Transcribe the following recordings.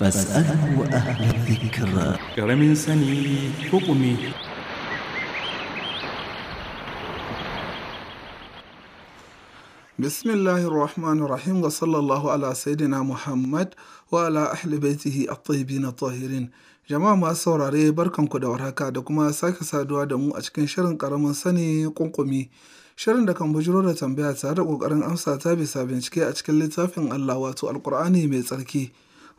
فاسأله أهل الذكر كرم سني حكمي بسم الله الرحمن الرحيم وصلى الله على سيدنا محمد وعلى أهل بيته الطيبين الطاهرين jama'a masu saurare barkanku da warhaka da kuma sake saduwa da mu a cikin shirin karamin sani kunkumi shirin da kan bujiro da tambaya tare da kokarin amsa ta bisa bincike a cikin littafin Allah wato alkur'ani mai tsarki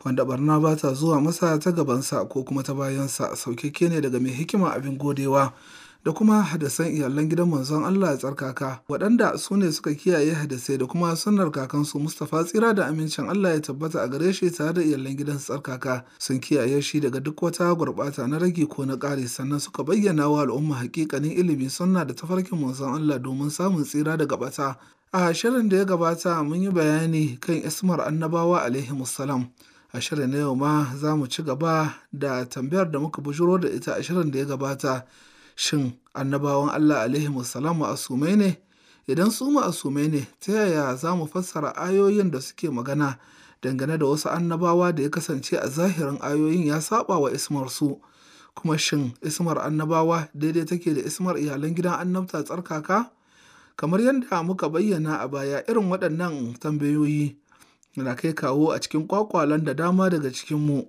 wanda barna ba ta zuwa masa ta gabansa ko kuma ta bayansa saukakke ne daga mai hikima abin godewa da kuma hadasan iyalan gidan manzon Allah ya tsarkaka waɗanda su ne suka kiyaye hadasai da kuma sunnar kakansu Mustapha tsira da amincin Allah ya tabbata a gare shi tare da iyalan gidan tsarkaka sun kiyaye shi daga duk wata gurɓata na rage ko na ƙari sannan suka bayyana wa al'umma hakikanin ilimi sunna da tafarkin manzon Allah domin samun tsira daga bata a shirin da ya gabata mun yi bayani kan ismar annabawa alaihi a shirin na yau ma za mu ci gaba da tambayar da muka bujuro da ita a shirin da ya gabata shin annabawan Allah alaihi musalamu asumai ne idan su ma'asumai ne ta yaya za mu fassara ayoyin da suke magana dangane da wasu annabawa da ya kasance a zahirin ayoyin ya saba wa ismar su kuma shin ismar annabawa daidai take da ismar iyalan gidan annabta tsarkaka kamar yadda muka bayyana a baya irin waɗannan tambayoyi na kai kawo a cikin kwakwalan da dama daga cikinmu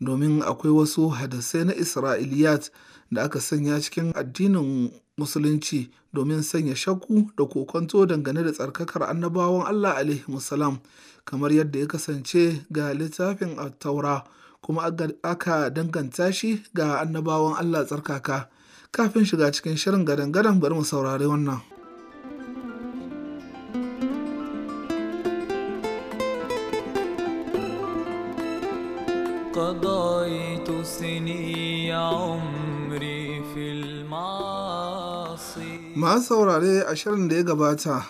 domin akwai wasu hadasai na isra'iliyat da aka sanya cikin addinin musulunci domin sanya shakku da kokonto dangane da tsarkakar annabawan allah alaihi musalam) kamar yadda ya kasance ga littafin taura kuma aka danganta shi ga annabawan allah tsarkaka kafin shiga cikin shirin gadan-gadan bari mu saurari wannan قضيت saurare a shirin da ya gabata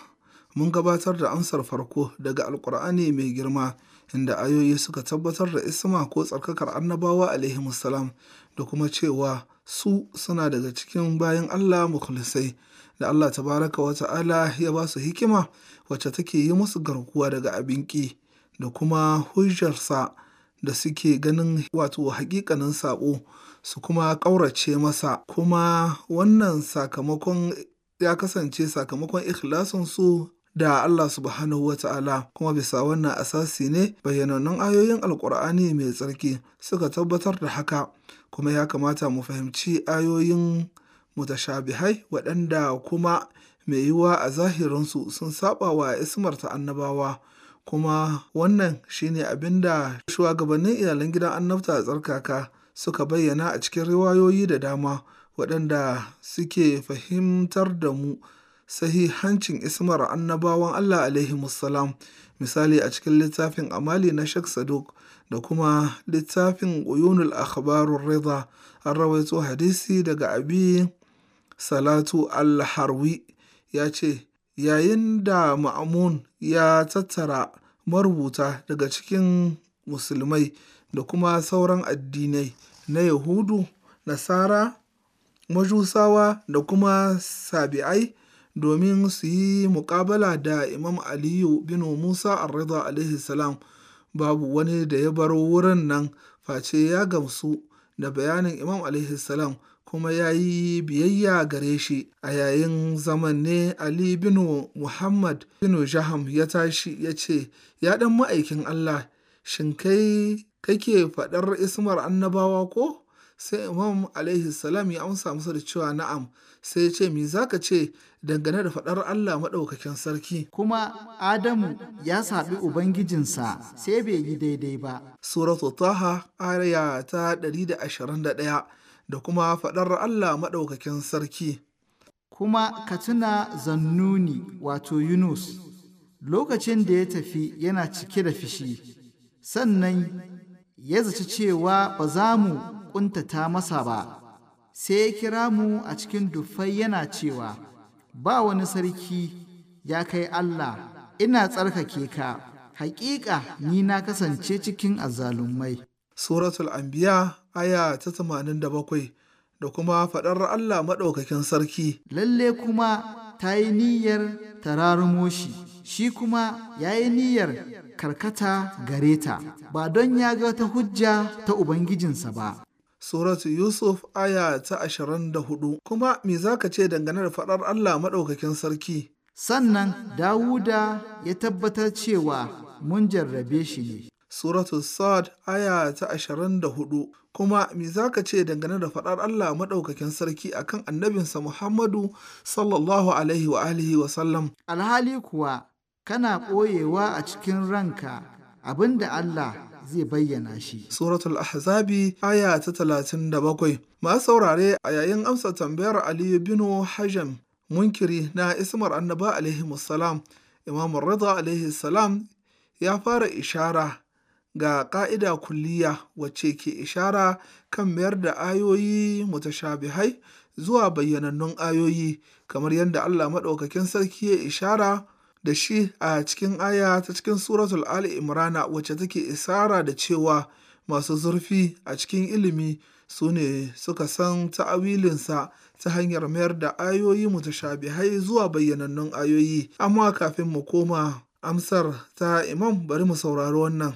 mun gabatar da amsar farko daga Alƙur'ani mai girma inda ayoyi suka tabbatar da isma ko tsarkakar annabawa alaihimussalam da kuma cewa su suna daga cikin bayan Allah mukhlisai da Allah tabaraka wa ta'ala ya basu hikima wacce take yi musu garkuwa daga abin da kuma hujjarsa da suke ganin wato hakikanin saƙo su kuma ƙaurace masa kuma wannan sakamakon ya kasance sakamakon ikhlasinsu da Allah subhanahu wa ta'ala kuma bisa wannan asasi ne bayyanannun ayoyin alkur'ani mai tsarki suka tabbatar da haka kuma ya kamata mu fahimci ayoyin mutashabihai waɗanda kuma mai yiwa a zahirinsu sun saba wa ismarta annabawa kuma wannan shine abin da shugabannin iyalan gidan annabta tsarkaka suka bayyana a cikin riwayoyi da dama waɗanda suke fahimtar da mu sahihancin ismar annabawan Allah alaihi musallam misali a cikin littafin amali na Sheikh Saduk da kuma littafin uyunul akhbarur rida an rawaito hadisi daga abi salatu al-harwi ya ce Yayin da Ma'amun ya tattara marubuta daga cikin Musulmai da kuma sauran addinai na Yahudu, Nasara, Majusawa da kuma Sabi'ai domin su yi mukabala da Imam Aliyu bin Musa ar alaihi salam babu wani da ya bar wurin nan face ya gamsu da bayanin Imam alaihi salam kuma ya yi biyayya gare shi a yayin zaman ne ali bin muhammad Bino jaham ya tashi ya ce ya ɗan ma'aikin allah shin kai kake faɗar ismar annabawa ko sai imam alaihi salam ya amsa masa da cewa na'am sai ya ce mi zaka ce dangane da faɗar Allah maɗaukakin sarki kuma Adamu ya saɓi ubangijinsa sai bai yi daidai ba suratu taha aya ta 121 da kuma faɗar Allah maɗaukakin sarki. Kuma ka tuna zannuni wato Yunus lokacin da ya tafi yana cike da fishi, sannan ya zaci cewa ba za mu ƙuntata masa ba, sai ya kira mu a cikin dufai yana cewa, ba wani sarki ya kai Allah, ina tsarkake ka, haƙiƙa ni na kasance cikin azzalumai. suratul anbiya aya ta tamanin da bakwai, da kuma faɗar Allah maɗaukakin sarki. Lalle kuma ta yi niyyar tararumo shi, shi kuma ya yi niyyar karkata gare ta, ba don ya ga ta hujja ta Ubangijinsa ba. Suratu Yusuf aya ta ashirin da hudu kuma me za ka ce dangane da faɗar Allah maɗaukakin sarki? Sannan Dawuda ya tabbatar cewa mun jarrabe shi ne, suratu Sad aya ta ashirin hudu, kuma me zaka ce dangane da faɗar Allah maɗaukakin sarki akan annabinsa Muhammadu sallallahu alaihi wa alihi wa sallam alhali kuwa kana ɓoyewa a cikin ranka abinda Allah zai bayyana shi. Suratul Ahzabi aya ta talatin da bakwai. Masu saurare a yayin amsa tambayar Aliyu binu Hajam munkiri na Ismar Annaba alaihi salam Imam Rida alaihi salam ya fara ishara ga ƙa'ida kulliya wacce ke ishara kan mayar da ayoyi mutashabihai zuwa bayyanannun ayoyi kamar yadda Allah maɗaukakin sarki ya ishara da shi a cikin aya ta cikin suratul Ali Imrana wacce take isara da cewa masu zurfi a cikin ilimi su ne suka san ta'awilinsa ta hanyar mayar da ayoyi mutashabihai zuwa bayyanannun ayoyi amma kafin mu koma amsar ta imam bari mu saurari wannan.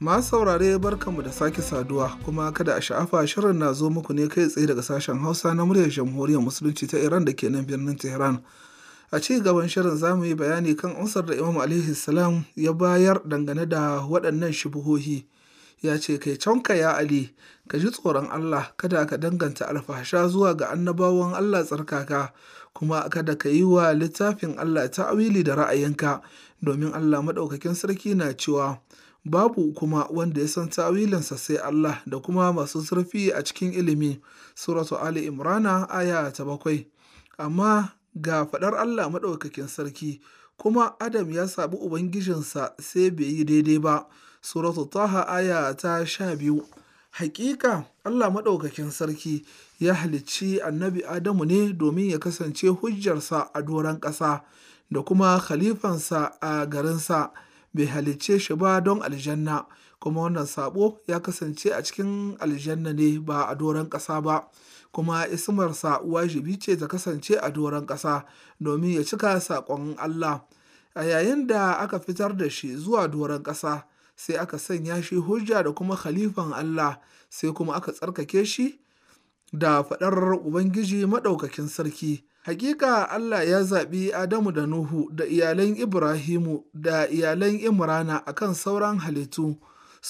Ma saurare barkanmu da sake saduwa kuma kada a sha'afa shirin na zo muku ne kai tsaye daga sashen Hausa na muryar Jamhuriyar Musulunci ta Iran da ke nan birnin Tehran. A ci gaban shirin za mu yi bayani kan amsar da Imam alaihi salam ya bayar dangane da waɗannan shubuhohi. Ya ce, Kai canka ya Ali, ka ji tsoron Allah, kada ka danganta alfasha zuwa ga annabawan Allah tsarkaka, kuma kada ka yi wa littafin Allah ta'awili da ra'ayinka, domin Allah maɗaukakin sarki na cewa, babu kuma wanda ya san ta'awilinsa, sai Allah da kuma masu zurfi a cikin ilimi suratu Ali Imrana aya ta bakwai amma ga faɗar Allah Maɗaukakin Sarki, kuma Adam ya saɓi Ubangijinsa sai bai yi daidai ba, Suratu Taha aya ta sha biyu. Hakika Allah Maɗaukakin Sarki ya halicci annabi Adamu ne domin ya kasance hujjarsa a doron ƙasa da kuma khalifansa a garinsa, bai halicce shi ba don aljanna. kuma wannan saɓo ya kasance a cikin aljanna ne ba a doron ƙasa ba kuma ismarsa wajibi ce ta kasance a doron ƙasa domin ya cika saƙon Allah a yayin da aka fitar da shi zuwa doron ƙasa sai aka sanya shi hujja da kuma khalifan Allah sai kuma aka tsarkake shi da faɗar Ubangiji maɗaukakin sarki. Hakika Allah ya zaɓi Adamu da Nuhu da iyalan Ibrahimu da iyalan Imrana akan sauran halittu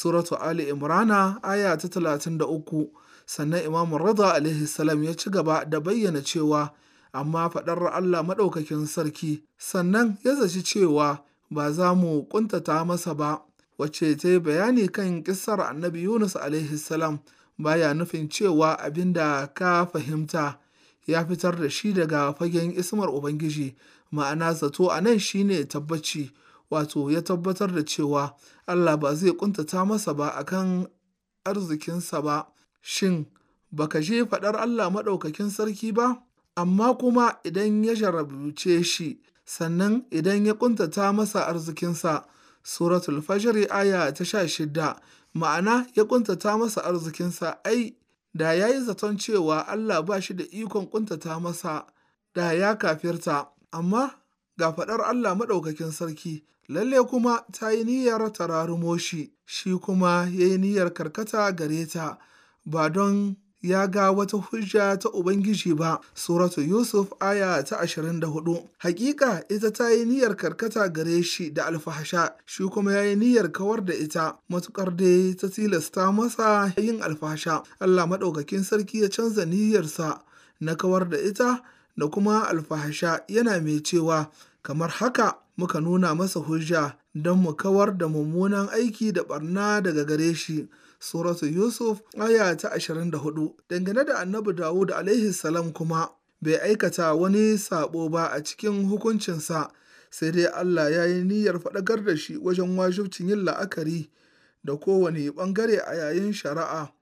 suratu Ali Imrana aya ta talatin da uku, sannan Imam rada alaihi ya ci gaba da bayyana cewa amma faɗar Allah maɗaukakin sarki sannan ya zaci cewa ba za mu ƙuntata masa ba wacce ta yi bayani kan ƙisar annabi Yunus alaihi salam baya nufin cewa abin da ka fahimta ya fitar da shi daga fagen ismar Ubangiji ma'ana zato a nan shine tabbaci wato ya tabbatar da cewa Allah ba zai ƙuntata masa ba a kan arzikinsa ba shin ba ka je faɗar Allah maɗaukakin sarki ba amma kuma idan ya jarabce shi sannan idan ya ƙuntata masa arzikinsa suratul fajr aya ta sha shida ma'ana ya ƙuntata masa arzikinsa ai da ya yi zaton cewa Allah ba shi da ikon ƙuntata masa da ya kafirta amma ga faɗar Allah maɗaukakin sarki lalle kuma ta yi niyyar tararumo shi, shi kuma ya yi niyyar karkata gare ta, ba don ya ga wata hujja ta Ubangiji ba, Suratu Yusuf aya ta ashirin da 24. Hakika ita ta yi niyyar karkata gare shi da alfahasha, shi kuma ya yi niyyar kawar da ita, matukar dai ta tilasta masa yin alfahasha. Allah maɗaukakin sarki ya canza niyyarsa na kawar da ita da kuma alfahasha yana mai cewa, kamar haka muka nuna masa hujja don mu kawar da mummunan aiki da barna daga gare shi. Suratu Yusuf aya ta 24 dangane da annabi Dawud alaihi salam kuma bai aikata wani sabo ba a cikin hukuncinsa sai dai Allah ya yi niyyar faɗakar da shi wajen wajibcin yin la'akari da kowane ɓangare a yayin shari'a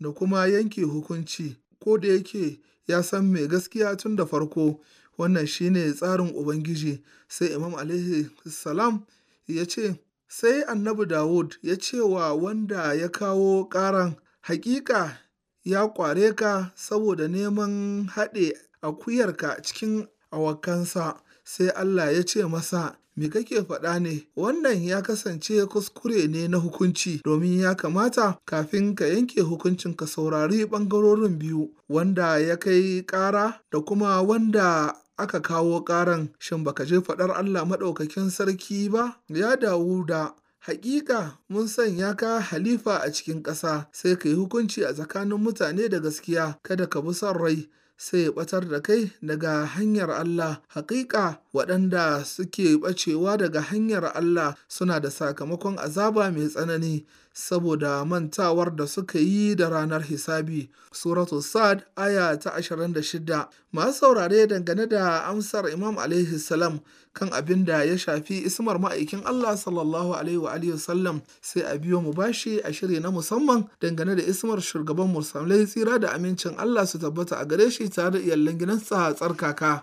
da kuma yanke hukunci ko da yake ya san mai gaskiya tun da farko Wannan shi ne tsarin Ubangiji. Sai Imam alaihi salam ya ce, Sai annabi Dawud ya ce wa wanda ya kawo ƙaran, Hakika ya ƙware ka saboda neman haɗe akuyarka cikin awakansa, sai Allah ya ce masa, Me kake faɗa ne, wannan ya kasance kuskure ne na hukunci, domin ya kamata kafin ka yanke hukuncin ka saurari ɓangarorin biyu, wanda ya kai ƙara da kuma wanda aka kawo ƙaran shin baka je faɗar Allah maɗaukakin sarki ba ya dawo da Hakika mun sanya ka halifa a cikin ƙasa sai ka yi hukunci a tsakanin mutane da gaskiya kada ka bi son rai sai ya ɓatar da kai daga hanyar Allah hakika waɗanda suke ɓacewa daga hanyar Allah suna da sakamakon azaba mai tsanani saboda mantawar da suka yi da ranar hisabi. Suratu Sad aya ta 26 masu saurare dangane da amsar Imam alaihi salam kan abin da ya shafi ismar ma'aikin Allah sallallahu alaihi wa sallam sai a biyo mu bashi a shiri na musamman dangane da ismar shugaban musamman tsira da amincin Allah su tabbata a gare shi tare da iyalan gidansa tsarkaka.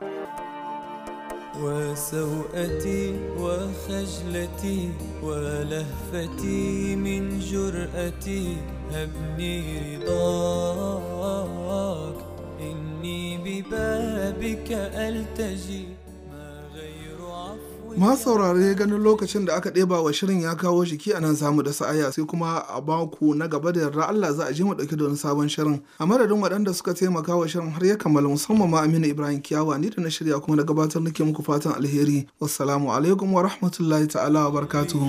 وسوءتي وخجلتي ولهفتي من جرأتي هبني رضاك إني ببابك ألتجي Ma saurare ganin lokacin da aka ɗeba wa shirin ya kawo jiki a nan samu da sa'aya sai kuma a baku na gaba da yarda Allah za a je mu ɗauki da wani sabon shirin. A madadin waɗanda suka taimaka wa shirin har ya kammala musamman ma Aminu Ibrahim Kiyawa ni da na shirya kuma na gabatar nake muku fatan alheri. Wassalamu alaikum wa rahmatullahi ta'ala wa barakatuhu.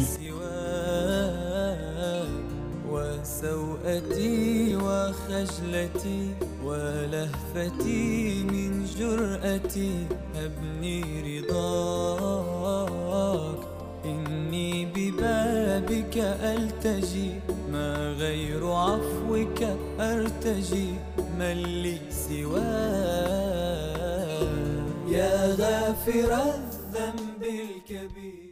خجلتي ولهفتي من جرأتي أبني رضاك إني ببابك ألتجي ما غير عفوك أرتجي من لي سواك يا غافر الذنب الكبير